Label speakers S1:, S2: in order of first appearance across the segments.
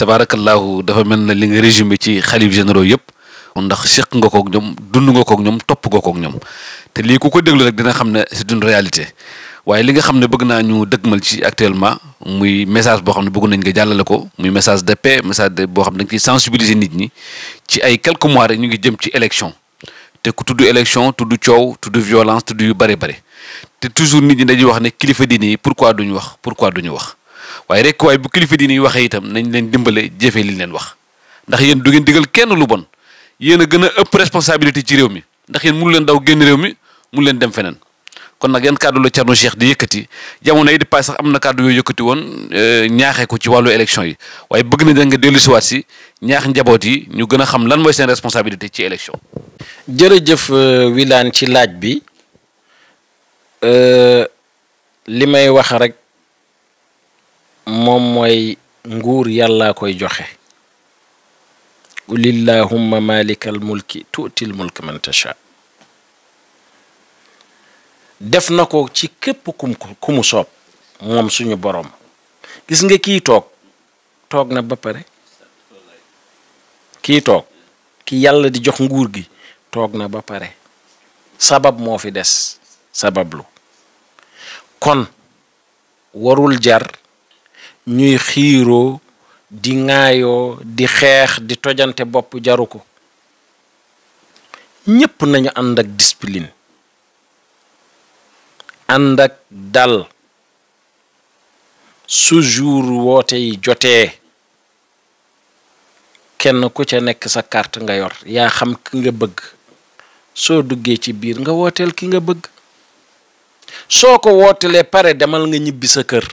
S1: tabarakallah dafa mel li nga résumé ci xalif généraux yépp ndax cheikh nga kook ñoom dund nga kook ñom top nga kook ñom té li ku ko déglu rek dina xamné c'est une réalité waye li nga xamné ne bëgg naa ñu dëgmal ci actuellement muy message bo xamné ne bëgg nañ nga jàllale ko muy message de paix message de bo xamné ne dañ ciy sensibiliser nit ñi ci ay quelques mois rek ñu ngi jëm ci élection té ku tuddu élection tuddu ciow tuddu violence tuddu yu bari bari té toujours nit ñi dañuy wax né kilifa diine pourquoi duñ wax pourquoi duñ wax waaye rek waaye bu kilifa di yi waxee itam nañ leen dimbale jëfee liñ leen wax ndax yéen du ngeen digal kenn lu bon yéen a gën a ëpp responsabilité ci réew mi ndax yéen mënu leen daw génn réew mi mënu leen dem feneen kon nag yan kàddu la Thierno Cheikh di yëkkati jamono yi di paase sax am na kàddu yooyu yëkkati woon euh, ñaaxee ko ci wàllu élection yi waaye bëgg na da nga dellu siwaat si ñaax njaboot yi ñu gën a xam lan mooy seen responsabilité ci élection. jërëjëf euh, Wilane ci laaj bi euh,
S2: may wax moom mooy nguur yàllaa koy joxe qulillahumma malikal mulki tuutil mulk man tasha def na ko ci képp kum ku soob moom suñu boroom gis nga kii toog toog na ba pare kii toog ki yàlla di jox nguur gi toog na ba pare sabab moo fi des sabablu kon warul jar ñuy xiiroo di ŋaayoo di xeex di tojante bopp jaru ko ñépp nañu ànd ak discipline ànd ak dal su jour woote yi jotee kenn ku ca nekk sa kart nga yor yaa xam ki nga bëgg soo duggee ci biir nga wooteel ki nga bëgg soo ko wootelee pare demal nga ñibbi sa kër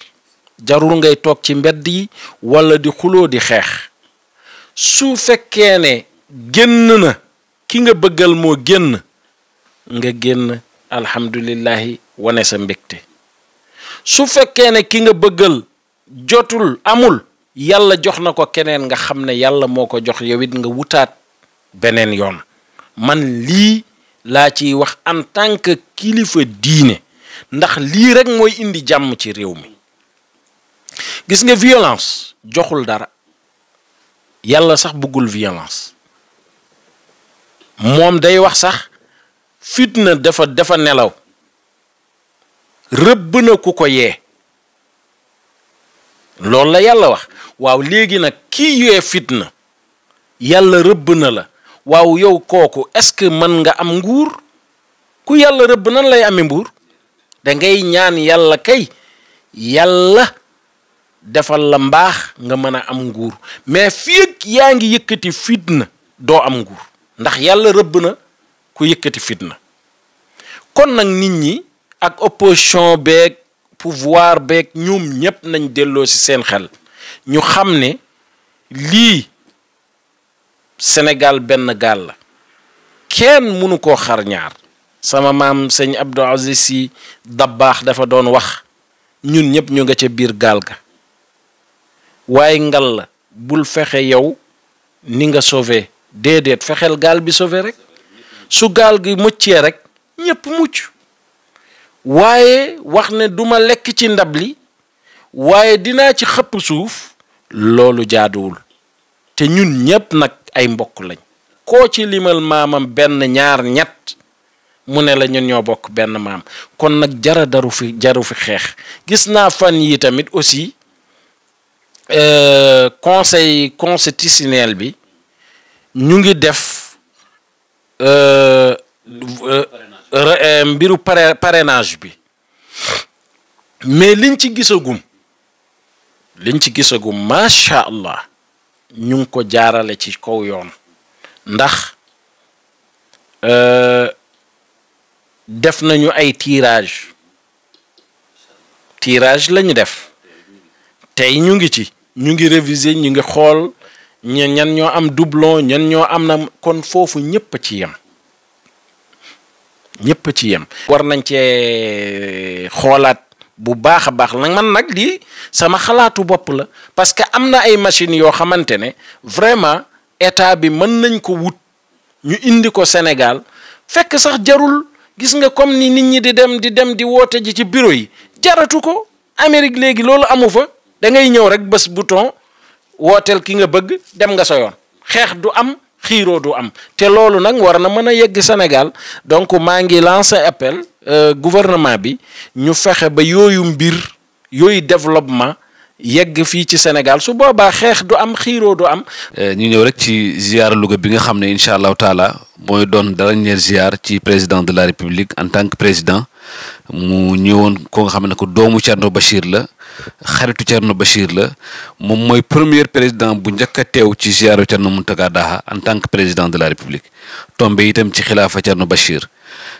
S2: jarul ngay toog ci mbedd yi wala di xuloo di xeex su fekkee ne génn na ki nga bëggal moo génn nga génn alhamdulillahi wane sa mbégte su fekkee ne ki nga bëggal jotul amul yàlla jox na ko keneen nga xam ne yàlla moo ko jox yowit nga wutaat beneen yoon man lii laa ciy wax en tànk kilifa diine ndax lii rek mooy indi jàmm ci réew mi gis nga violence joxul dara yàlla sax bëggul violence moom day wax sax fitna dafa dafa nelaw rëbb na ku ko yee loolu la yàlla wax waaw léegi nag kii yee fitna yàlla rëbb na la waaw yow kooku est-ce mën nga am nguur ku yàlla rëbb na lay amee mbuur da ngay ñaan yàlla kay yàlla defal la mbaax nga mën a am nguur mais fii ak yaa ngi yëkkati fitna doo am nguur ndax yàlla rëbb na ku yëkkati fitna kon nag nit ñi ak opposition beeg pouvoir beeg ñoom ñépp nañ delloo ci seen xel ñu xam ne lii Sénégal benn gaal la kenn mënu koo xarñaar sama maam sëñ Abdou Aziz Sy Dabakh dafa doon wax ñun ñépp ñu nga ca biir gaal ga waaye ngal la bul fexe yow ni nga sauvé déedéet fexeel gaal bi sauvé rek su gaal gi muccee rek ñépp mucc waaye wax ne duma lekk ci ndab li waaye dinaa ci xëpp suuf loolu jaaduwul te ñun ñépp nag ay mbokk lañ koo ci limal maamam benn ñaar ñett mu ne la ñun ñoo bokk benn maam kon nag jara daru fi jaru fi xeex gis naa fan yi tamit aussi Euh, conseil constitutionnel bi ñu ngi def euh, euh, mbiru parrainage bi mais liñ ci gisagum liñ ci gisagum macha allah ñu ngi ko jaarale ci kow yoon ndax def nañu ay tirage tirage lañu def tey ñu ngi ci ñu ngi réviser ñu ngi xool ñe ñan ñoo am doublon ñan ñoo am na kon foofu ñëpp ci yem ñëpp ci yem. war nañ cee xoolaat bu baax a baax nag man nag di sama xalaatu bopp la parce que am na ay machines yoo xamante ne vraiment état bi mën nañ ko wut ñu indi ko Sénégal fekk sax jarul gis nga comme ni nit ñi di dem di dem di woote ji ci bureau yi jaratu ko Amérique léegi loolu amu fa. da ngay ñëw rek bés bouton wooteel ki nga bëgg dem nga sa xeex du am xiiroo du am te loolu nag war na mën a yegg Sénégal donc maa ngi lancer appel euh, gouvernement bi ñu fexe ba yooyu
S1: mbir yooyu développement yegg fii ci Sénégal su boobaa xeex du am xiiroo du am. Euh, ñu ñëw rek ci ziar Louga bi nga xam ne incha allahu taala mooy doon dernière ziar ci président de la république en tant que président mu ñëwoon ko nga xam ne ko doomu Thierno Bachir la. xaritu Thierno Bachir la moom mooy premier président bu njëkk a teew ci ziaru Thierno Mountaga Daha en tant que président de la République tombe itam ci xilaafa cerno Bachir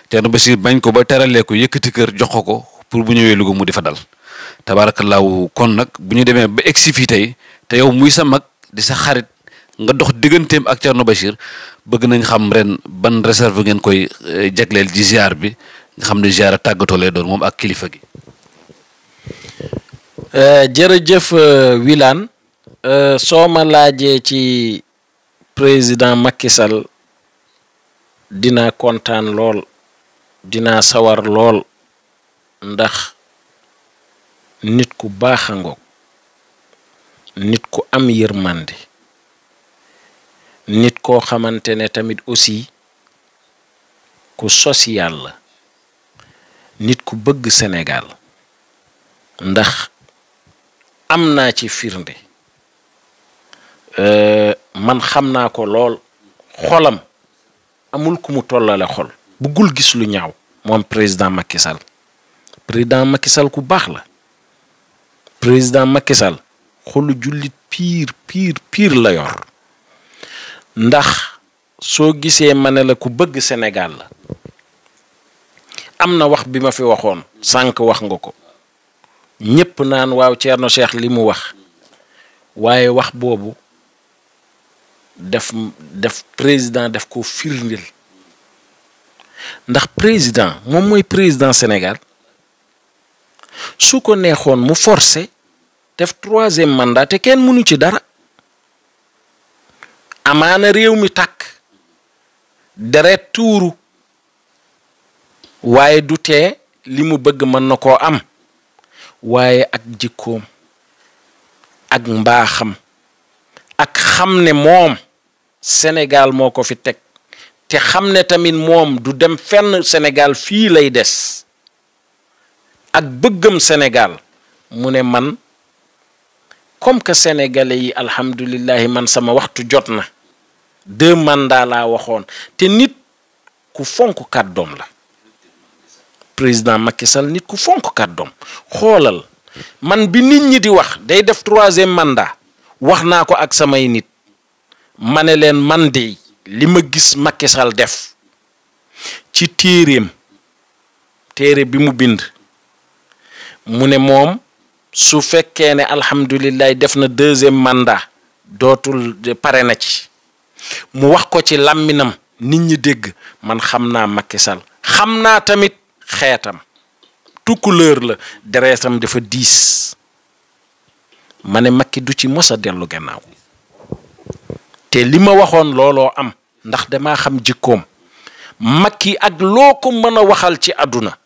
S1: Thierno Bachir bañ ko ba teralee ko yëkkati kër jox ko ko pour bu ñëwee Louga mu di fa dal laaw kon nag bu ñu demee ba egsi fii tey te yow muy sa mag di sa xarit nga dox digganteem ak Thierno Bachir bëgg nañ xam ren ban réserve ngeen koy euh, jagleel ci ziar bi nga xam ne ziar tàggatoo lay doon moom ak kilifa gi.
S2: Eh, jërëjëf eh, Wilane eh, soo ma ci président Macky dina kontaan lool dinaa sawar lool ndax nit ku baax a nit ku am yërmande nit koo xamante ne tamit aussi ku social la nit ku bëgg senegal ndax am naa ci firnde euh, man xam naa ko lool xolam amul ku mu tollale xol buggul gis lu ñaaw moom président Macky président Macky ku baax la président Macky xolu jullit piir piir piir la yor ndax soo gisee ma ne la ku bëgg Sénégal la am na wax bi ma fi waxoon sànq wax nga ko ñëpp naan waaw Thierno Cheikh li mu wax waaye wax boobu def président def ko firndil ndax président moom mooy président Sénégal su ko neexoon mu forcé def troisième mandat te kenn mënu ci dara amaana réew mi tàkk deret tuuru waaye du tee li mu bëgg mën na koo am waaye ak jikkoom ak mbaaxam ak xam ne moom Sénégal moo ko fi teg te xam ne tamit moom du dem fenn Sénégal fii lay des ak bëggam Sénégal mu ne man comme senegale yi alhamdulillahi man sama waxtu jot na deux mandats waxoon te nit ku fonk kàddoom la président Macky Sall nit ku fonk kàddoom xoolal man bi nit ñi di wax day def troisième mandat wax naa ko ak samay nit ma ne leen man de li ma gis Macky Sall def ci téeréem téere bi mu bind mu ne moom su fekkee ne alhamdulilah def na deuxième mandat dootul pare na ci mu wax ko ci làmminam nit ñi dégg man xam naa Macky tamit xeetam tukkuleer la dereetam dafa diis ma ne Macky du ci mos a dellu gannaaw te li ma waxoon looloo am ndax dama xam jikkoom Macky ak loo ko mën a waxal ci àdduna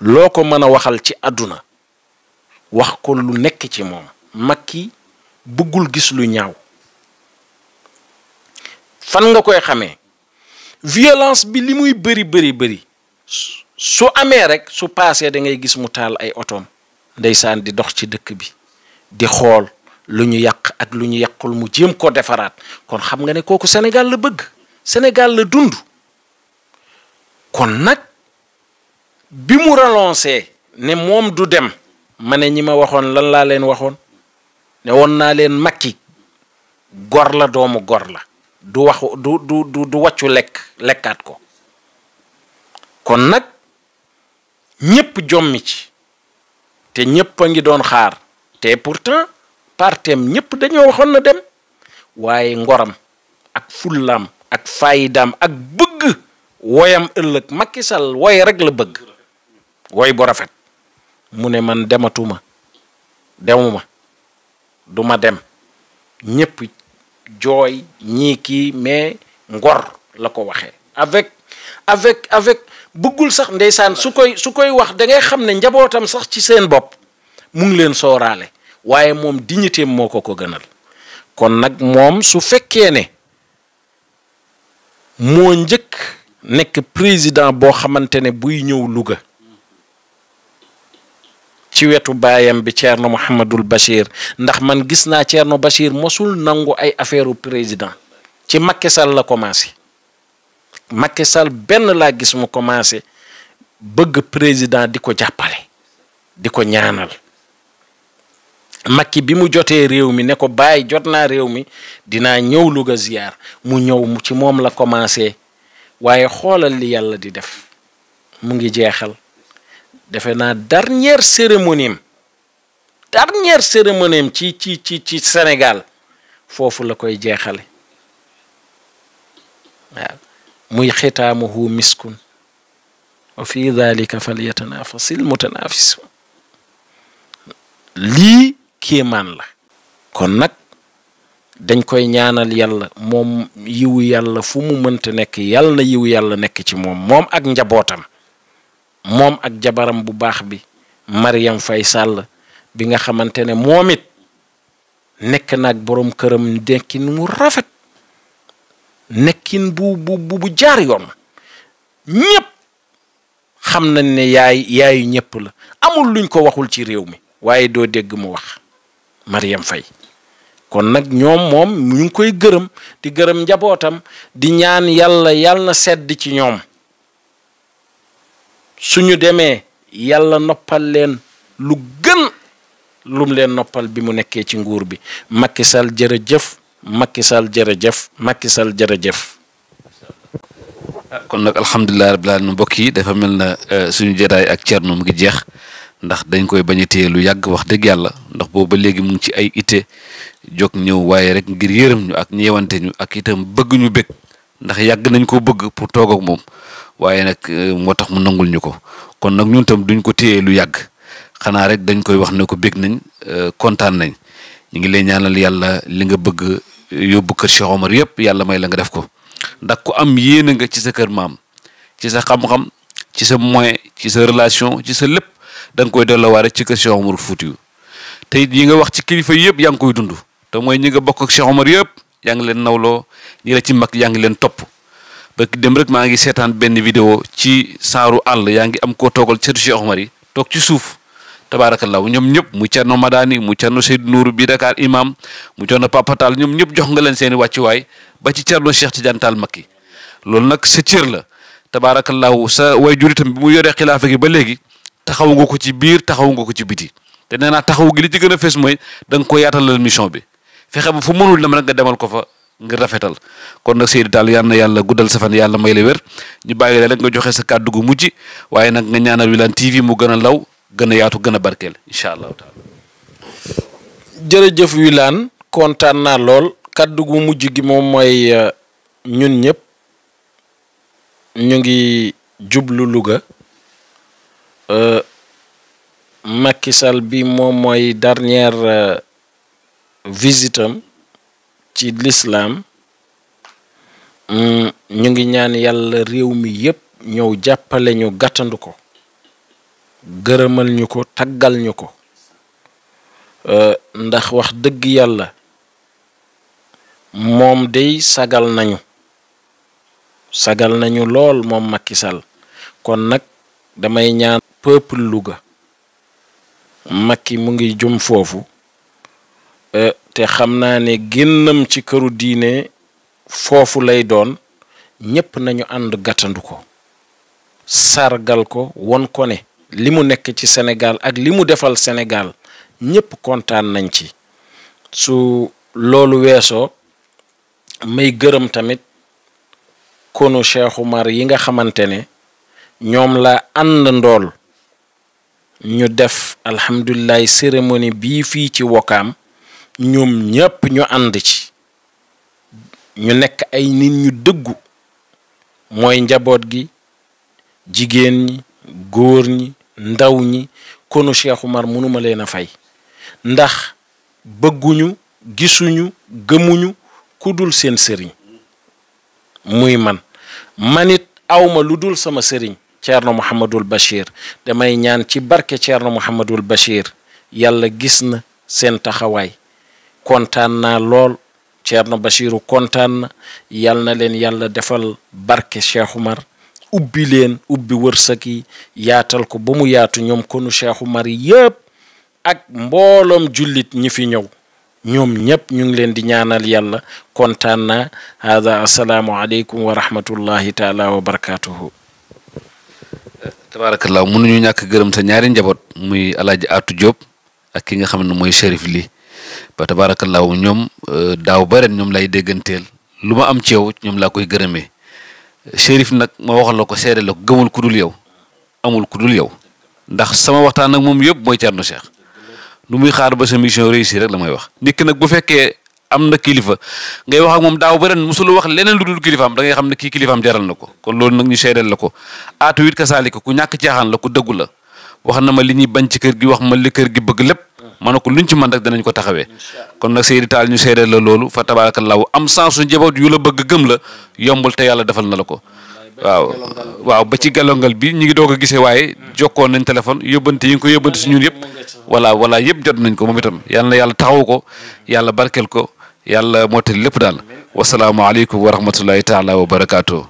S2: loo ko mën a waxal ci àdduna wax ko lu nekk ci moom Macky bëggul gis lu ñaaw fan nga koy xamee violence bi li muy bari bari bari su amee rek su paasee da ngay gis mu taal ay otoom ndeysaan di dox ci dëkk bi di xool lu ñu yàq ak lu ñu yàqul mu jéem ko defaraat kon xam nga ne kooku senegal la bëgg senegal la dund kon nag bi mu relancé ne moom du dem ma ne ñi ma waxoon lan laa leen waxoon ne woon naa leen makki gor la doomu gor la du waxu du du lekk lekkaat ko kon nag ñépp jommi ci te ñépp a ngi doon xaar te pourtant partem ñépp dañoo waxoon na dem waaye ngoram ak fullaam ak faayidaam ak bëgg woyam ëllëg Macky Sall woy rek la woy bu rafet mu ne man dematuma demuma duma dem ñépp jooy ñii kii mais ngor la ko waxee avec avec avec bëggul sax ndeysaan su koy su koy wax dangay xam ne njabootam sax ci seen bopp mu ngi leen sooraale waaye moom di dignité moo ko ko gënal kon nag moom su fekkee ne moo njëkk nekk président boo xamante ne buy ñëw Louga ci wetu baayam bi Thierno Mouhamadul Bachir ndax man gis naa Thierno Bachir mosul nangu ay affaire président ci Macky Sall la commencé Macky Sall benn laa gis mu commencé bëgg président di ko jàppale di ko ñaanal makki bi mu jotee réew mi ne ko bàyyi jot naa réew mi dinaa ñëw Louga ziar mu ñëw mu ci moom la commencé waaye xoolal li yàlla di def mu ngi jeexal defe naa dernière cérémonie am dernière ci ci ci ci Sénégal foofu la koy jeexale muy xitaamuhu miskun wa fi dalika falyatanafasil mutanafisu lii kéemaan la kon nag dañ koy ñaanal yàlla moom yiw yàlla fu mu mënta nekk yàlla yiw yiwu yàlla nekk ci moom moom ak njabootam moom ak jabaram bu baax bi Mariam fay Sall bi nga xamante ne moom nekk nak boroom këram dekki nu rafet nekkin bu bu bu jaar yoon ñëpp xam nañ ne yaay yaayu ñëpp la amul luñ ko waxul ci réew mi waaye doo dégg mu wax Mariam fay kon nag ñoom moom ñu ngi koy gërëm di gërëm njabootam di ñaan yàlla yàlla sedd ci ñoom suñu demee yàlla noppal leen lu gën lum leen noppal bi mu nekkee ci nguur bi makkisal Sall jërëjëf Macky Sall jërëjëf Macky Sall jërëjëf.
S1: Ah, kon nag alhamdulilah rabbil aalamiin mbokk yi dafa mel na euh, suñu jotaay ak Thierno mu ngi jeex ndax dañ koy bañ a téye lu yàgg wax dëgg yàlla ndax boobu ba léegi mu ngi ci ay ite jóg ñëw waaye rek ngir yërëm ñu ak ñeewante ñu ak itam bëgg ñu bëgg ndax yàgg nañ ko bëgg pour toog ak moom waaye nag euh, moo tax mu nangul ñu ko kon nag ñun tam duñ ko téye lu yàgg xanaa rek dañ koy wax ne ko bëgg nañ euh, kontaan nañ ngi lay ñaanal yàlla li nga yóbbu kër Cheikh Omar yëpp yàlla may la nga def ko ndax ku am yéene nga ci sa kër maam ci sa xam-xam ci sa moyen ci sa relation ci sa lépp da nga koy delloowaare ci kër Cheikh Omar Foutiou te yi nga wax ci kilifa yëpp yaa ngi koy dund te mooy ñi nga bokk ak Cheikh Omar yëpp yaa ngi leen nawloo ñi la ci mag yaa ngi leen topp ba dem rek maa ngi seetaan benn vidéo ci saaru àll yaa ngi am koo toogal cër Cheikh Omar yi toog ci suuf tabaarakallaahu ñoom ñëpp mu no madani mu cerno no Nour bi Dakar imam mu cerno papatal ñoom ñëpp jox nga leen seeni i wàccuwaay ba ci cerno Cheikh Tidiane Tall loolu nag sa cër la tabaarakallaahu sa way jur itam mu yoree xilaafa gi ba léegi taxaw nga ko ci biir taxaw nga ko ci biti te nee naa taxaw gi li ci gën a fees mooy da nga ko yaatalal mission bi fexe ba fu mënul dem nag nga demal ko fa ngir rafetal kon nag Seydou Tall yaa na yàlla guddal sa fan yàlla may la wér ñu bàyyi la rek nga joxe sa kàddu gu mujj waaye nag nga ñaanal Wilane TV mu gën a law gën yaatu gën a barkeel incha allahu jërëjëf Wilane kontaan na
S2: lool kàddu gu mujj gi moom mooy euh, ñun ñëpp ñu ngi jublu Louga. Euh, Macky Sall bi moom mooy dernière euh, visitam ci lislaam mm, ñu ngi ñaan yàlla réew mi yépp ñëw jàppale ñu gàttandu ko gërëmal ñu ko taggal ñu ko euh, ndax wax dëgg yàlla moom day sagal nañu sagal nañu lool moom Macky Sall kon nag damay ñaan peuple Louga Macky mu ngi jum foofu euh, te xam naa ne génnam ci këru diine foofu lay doon ñépp nañu ànd gàttandu ko sargal ko won ko ne li mu nekk ci Sénégal ak li mu defal Sénégal ñépp kontaan nañ ci su loolu weesoo may gërëm tamit konu Cheikh mar yi nga xamante ne ñoom la ànd ndool ñu def alhamdulilah cérémonie bii fii ci wokam ñoom ñépp ñu ànd ci ñu nekk ay nit ñu dëggu mooy njaboot gi jigéen ñi góor ñi ndaw ñi konu Cheikh Oumar mënuma leen a fay ndax bëgguñu gisuñu gëmuñu ku dul seen sëriñ muy man manit awma lu dul sama sëriñ Thierno Mouhamadul Bachir damay ñaan ci barke Thierno Mouhamadul Bachir yàlla gis na seen taxawaay kontaan naa lool Thierno Bachiru kontaan na yàlla na leen yàlla defal barke Cheikh Oumar ubbi leen ubbi wërsëg yi yaatal ko ba mu yaatu ñoom konu Cheikh mari yépp ak mbooloom jullit ñi fi ñëw ñoom ñépp ñu ngi leen di ñaanal yàlla kontaan na hada asalaamu aleykum wa rahmatullahi taala wa barakatuhu
S1: tabarakallah mënuñu ñàkk gërëm sa ñaari njaboot muy alaaji Atou Diop ak ki nga xam ne mooy Chérif Ly ba tabarakallah ñoom euh, daaw ba ñoom lay dégganteel lu ma am ci yow ñoom laa koy gërëmee Chérif nag ma waxal la ko seede la ko gëmul ku dul yow amul ku dul yow ndax sama waxtaan nag moom yëpp mooy nu Cheikh lu muy xaar ba sa mission réussir rek la may wax. nit nag bu fekkee am na kilifa ngay wax moom daaw ba ren mosul wax leneen lu dul kilifaam da ngay xam ne kii kilifaam jaral na ko kon loolu nag ñu seedeel la ko aatu it kasaali ko ku ñàkk caaxaan la ku dëggu la wax na ma li ñuy bañ ci kër gi wax ma li kër gi bëgg lépp. ma ne ko luñ ci man rek danañ ko taxawee kon nag Seydi Taal ñu seedeel la loolu fa tabaarakallaahu am sens su njaboot yu la bëgg gëm la yombul te yàlla defal na la ko waaw waaw ba ci galongal bi ñu ngi doo ko gisee waaye jokkoon nañ téléphone yóbbante yi nga ko yóbbante si ñun yëpp voilà voilà yëpp jot nañ ko moom itam yàlla yàlla taxaw ko yàlla barkeel ko yàlla mootali lépp daal wasalaamaaleykum wa rahmatullahi taala wa barakaatu.